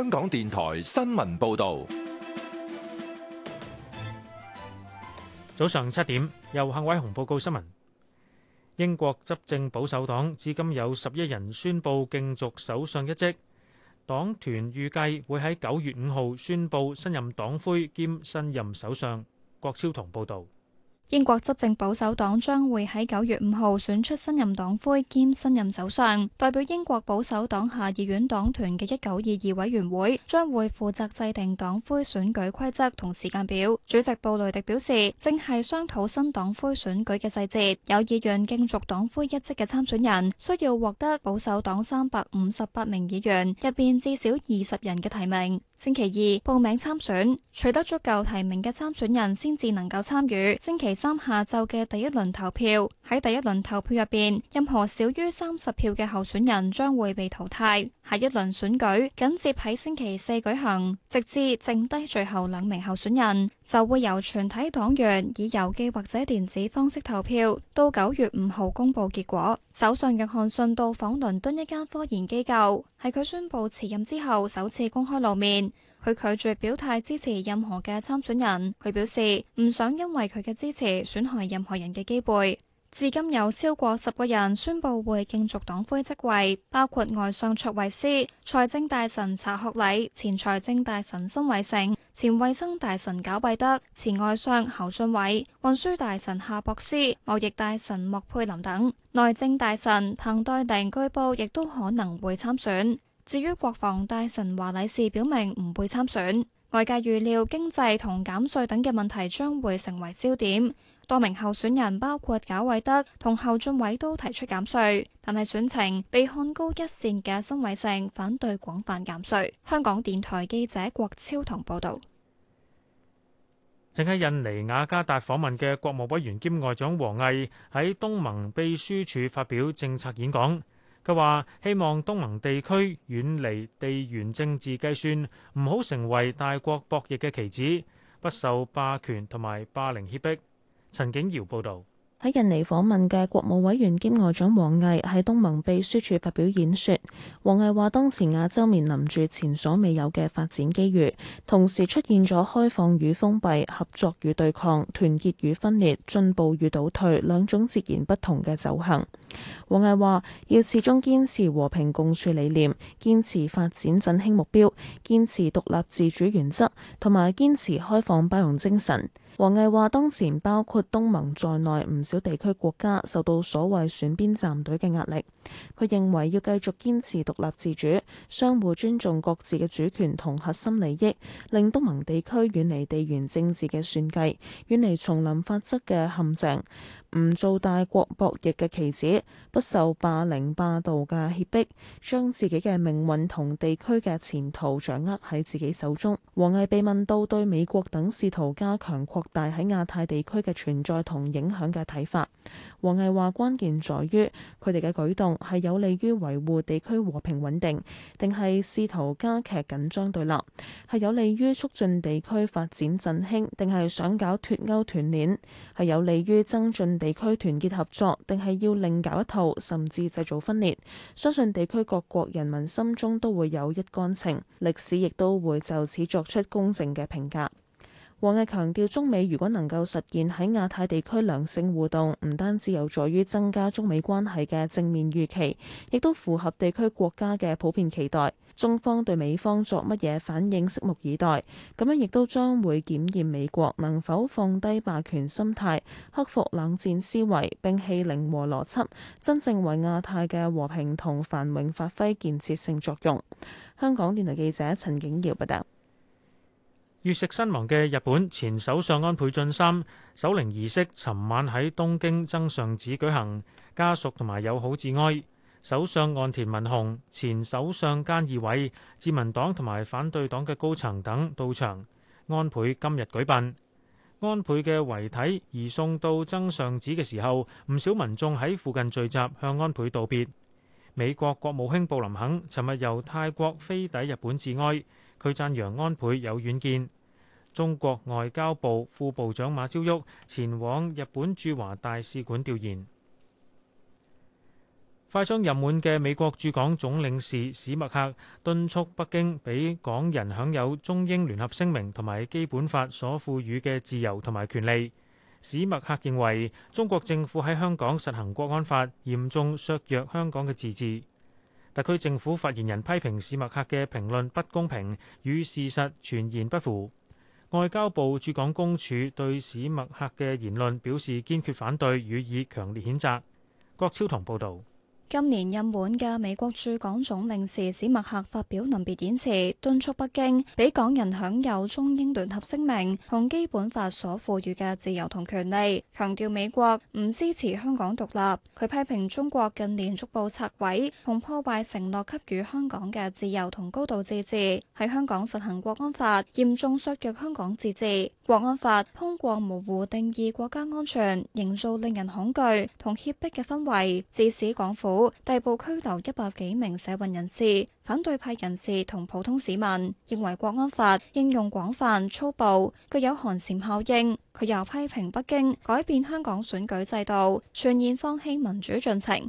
香港電台新聞報道，早上七點，由幸偉雄報告新聞。英國執政保守黨至今有十一人宣布競逐首相一職，黨團預計會喺九月五號宣布新任黨魁兼新任首相。郭超同報道。英國執政保守黨將會喺九月五號選出新任黨魁兼新任首相。代表英國保守黨下議院黨團嘅一九二二委員會將會負責制定黨魁選舉規則同時間表。主席布雷迪表示，正係商討新黨魁選舉嘅細節。有意願競逐黨魁一職嘅參選人需要獲得保守黨三百五十八名議員入邊至少二十人嘅提名。星期二報名參選，取得足夠提名嘅參選人先至能夠參與。星期三下晝嘅第一輪投票。喺第一輪投票入邊，任何少於三十票嘅候選人將會被淘汰。下一輪選舉緊接喺星期四舉行，直至剩低最後兩名候選人，就會由全體黨員以郵寄或者電子方式投票，到九月五號公布結果。首相約翰遜到訪倫敦一間科研機構，係佢宣布辭任之後首次公開露面。佢拒絕表態支持任何嘅參選人，佢表示唔想因為佢嘅支持損害任何人嘅機會。至今有超過十個人宣布會競逐黨魁職位，包括外相卓慧思、財政大臣查學禮、前財政大臣辛偉誠、前衛生大臣賈偉德、前外相侯俊偉、運輸大臣夏博斯、貿易大臣莫佩林等。內政大臣彭黛玲據報亦都可能會參選。至於國防大臣華禮士，表明唔會參選。外界預料經濟同減稅等嘅問題將會成為焦點。多名候選人包括賈偉德同侯俊偉都提出減稅，但係選情被看高一線嘅辛偉誠反對廣泛減稅。香港電台記者郭超同報道。正喺印尼雅加達訪問嘅國務委員兼外長王毅喺東盟秘書處發表政策演講，佢話希望東盟地區遠離地緣政治計算，唔好成為大國博弈嘅棋子，不受霸權同埋霸凌脅迫。陳景堯報道，喺印尼訪問嘅國務委員兼外長王毅喺東盟秘書處發表演說。王毅話，當前亞洲面臨住前所未有嘅發展機遇，同時出現咗開放與封閉、合作與對抗、團結與分裂、進步與倒退兩種截然不同嘅走向。王毅話，要始終堅持和平共處理念，堅持發展振興目標，堅持獨立自主原則，同埋堅持開放包容精神。王毅話：當前包括東盟在內唔少地區國家受到所謂選邊站隊嘅壓力。佢認為要繼續堅持獨立自主，相互尊重各自嘅主權同核心利益，令東盟地區遠離地緣政治嘅算計，遠離叢林法則嘅陷阱。唔做大國博弈嘅棋子，不受霸凌霸道嘅脅迫，將自己嘅命運同地區嘅前途掌握喺自己手中。王毅被問到對美國等試圖加強擴大喺亞太地區嘅存在同影響嘅睇法。王毅話關鍵在於佢哋嘅舉動係有利於維護地區和平穩定，定係試圖加劇緊張對立；係有利於促進地區發展振興，定係想搞脫歐團鏈，係有利於增進地區團結合作，定係要另搞一套，甚至製造分裂。相信地區各國人民心中都會有一杆秤，歷史亦都會就此作出公正嘅評價。王毅強調，中美如果能夠實現喺亞太地區良性互動，唔單止有助於增加中美關係嘅正面預期，亦都符合地區國家嘅普遍期待。中方對美方作乜嘢反應，拭目以待。咁樣亦都將會檢驗美國能否放低霸權心態，克服冷戰思維、摒棄零和邏輯，真正為亞太嘅和平同繁榮發揮建設性作用。香港電台記者陳景耀報遇刺身亡嘅日本前首相安倍晉三守靈儀式，尋晚喺東京增上寺舉行，家屬同埋友好致哀。首相岸田文雄、前首相菅義偉、自民黨同埋反對黨嘅高層等到場。安倍今日舉辦。安倍嘅遺體移送到增上寺嘅時候，唔少民眾喺附近聚集向安倍道別。美國國務卿布林肯尋日由泰國飛抵日本致哀，佢讚揚安倍有遠見。中國外交部副部長馬朝旭前往日本駐華大使館弔唁。快將任滿嘅美國駐港總領事史墨客敦促北京俾港人享有中英聯合聲明同埋基本法所賦予嘅自由同埋權利。史墨客認為中國政府喺香港實行國安法，嚴重削弱香港嘅自治。特區政府發言人批評史墨客嘅評論不公平，與事實全然不符。外交部駐港公署對史麥克嘅言論表示堅決反對，予以強烈譴責。郭超同報導。今年任滿嘅美國駐港總領事史墨客發表臨別演辭，敦促北京俾港人享有中英聯合聲明同基本法所賦予嘅自由同權利，強調美國唔支持香港獨立。佢批評中國近年逐步拆毀同破壞承諾給予香港嘅自由同高度自治，喺香港實行國安法，嚴重削弱香港自治。國安法通過模糊定義國家安全，營造令人恐懼同脅迫嘅氛圍，致使港府，逮捕拘留一百幾名社運人士、反對派人士同普通市民，認為國安法應用廣泛、粗暴，具有寒蟬效應。佢又批評北京改變香港選舉制度，全面放棄民主進程。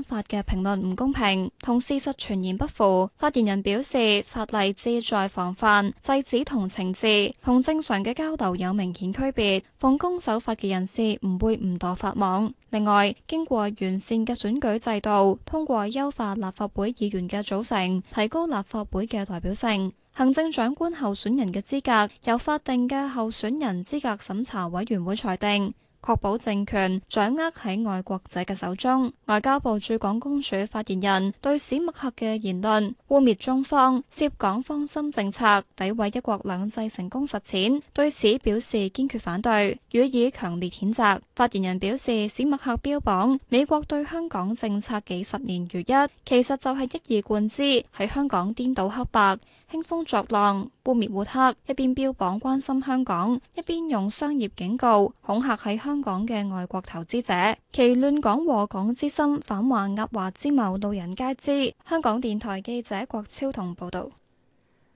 法嘅評論唔公平，同事實全然不符。發言人表示，法例旨在防範制止同懲治，同正常嘅交流有明顯區別。奉公守法嘅人士唔會唔墮法網。另外，經過完善嘅選舉制度，通過優化立法會議員嘅組成，提高立法會嘅代表性。行政長官候選人嘅資格由法定嘅候選人資格審查委員會裁定。確保政權掌握喺愛國者嘅手中。外交部駐港公署發言人對史密克嘅言論污衊中方涉港方針政策，詆毀一國兩制成功實踐，對此表示堅決反對，予以強烈譴責。發言人表示，史密克標榜美國對香港政策幾十年如一，其實就係一以貫之喺香港顛倒黑白。興風作浪、污蔑抹黑，一邊標榜關心香港，一邊用商業警告恐嚇喺香港嘅外國投資者，其亂港禍港之心、反華壓華之謀，路人皆知。香港電台記者郭超同報道。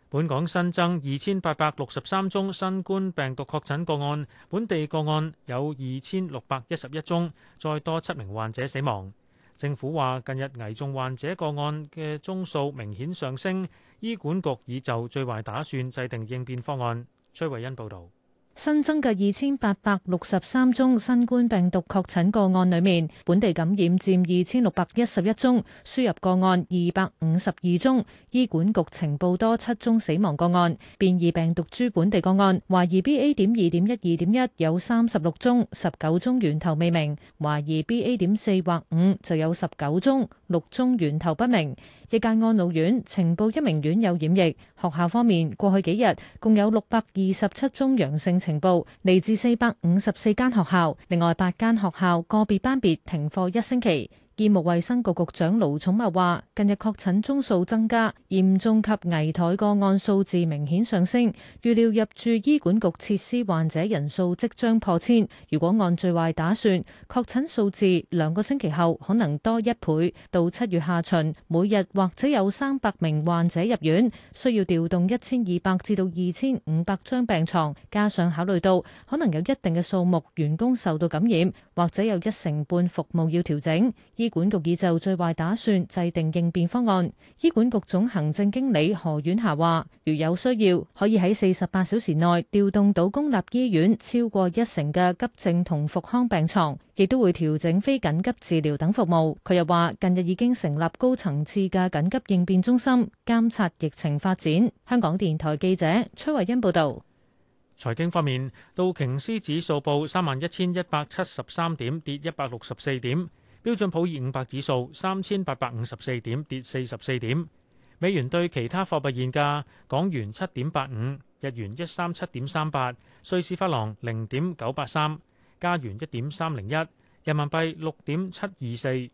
本港新增二千八百六十三宗新冠病毒確診個案，本地個案有二千六百一十一宗，再多七名患者死亡。政府話近日危重患者個案嘅宗數明顯上升，醫管局已就最壞打算制定應變方案。崔慧欣報導。新增嘅二千八百六十三宗新冠病毒確診個案裏面，本地感染佔二千六百一十一宗，輸入個案二百五十二宗。醫管局情報多七宗死亡個案，變異病毒株本地個案懷疑 B A 點二點一二點一有三十六宗，十九宗源頭未明；懷疑 B A 點四或五就有十九宗，六宗源頭不明。一間安老院呈報一名院友染疫。學校方面過去幾日共有六百二十七宗陽性呈報嚟自四百五十四間學校，另外八間學校個別班別停課一星期。醫務衛生局局長盧寵茂話，近日確診宗數增加，嚴重及危殆個案數字明顯上升，預料入住醫管局設施患者人數即將破千。如果按最壞打算，確診數字兩個星期後可能多一倍，到七月下旬，每日或者有三百名患者入院，需要調動一千二百至到二千五百張病床，加上考慮到可能有一定嘅數目員工受到感染，或者有一成半服務要調整。醫管局已就最壞打算制定應變方案。醫管局總行政經理何婉霞話，如有需要，可以喺四十八小時內調動到公立醫院超過一成嘅急症同復康病牀，亦都會調整非緊急治療等服務。佢又話，近日已經成立高層次嘅緊急應變中心，監察疫情發展。香港電台記者崔慧欣報道。財經方面，道瓊斯指數報三萬一千一百七十三點，跌一百六十四點。標準普爾五百指數三千八百五十四點，跌四十四點。美元對其他貨幣現價：港元七點八五，日元一三七點三八，瑞士法郎零點九八三，加元一點三零一，人民幣六點七二四，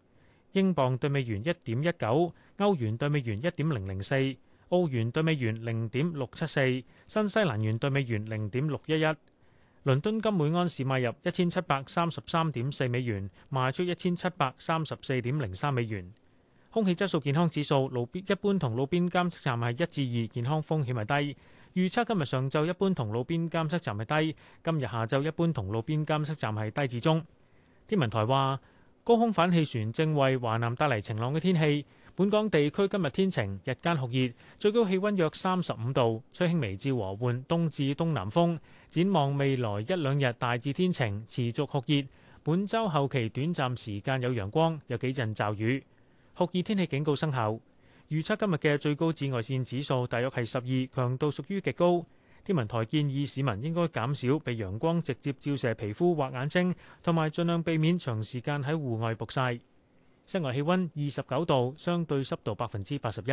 英鎊對美元一點一九，歐元對美元一點零零四，澳元對美元零點六七四，新西蘭元對美元零點六一一。倫敦金每盎司買入一千七百三十三點四美元，賣出一千七百三十四點零三美元。空氣質素健康指數，路邊一般同路邊監測站係一至二，健康風險係低。預測今日上晝一般同路邊監測站係低，今日下晝一般同路邊監測站係低至中。天文台話，高空反氣旋正為華南帶嚟晴朗嘅天氣。本港地區今日天晴，日間酷熱，最高氣温約三十五度，吹輕微至和緩，東至東南風。展望未來一兩日，大致天晴，持續酷熱。本周後期短暫時間有陽光，有幾陣驟雨。酷熱天氣警告生效，預測今日嘅最高紫外線指數大約係十二，強度屬於極高。天文台建議市民應該減少被陽光直接照射皮膚或眼睛，同埋盡量避免長時間喺戶外曝晒。室外氣溫二十九度，相對濕度百分之八十一。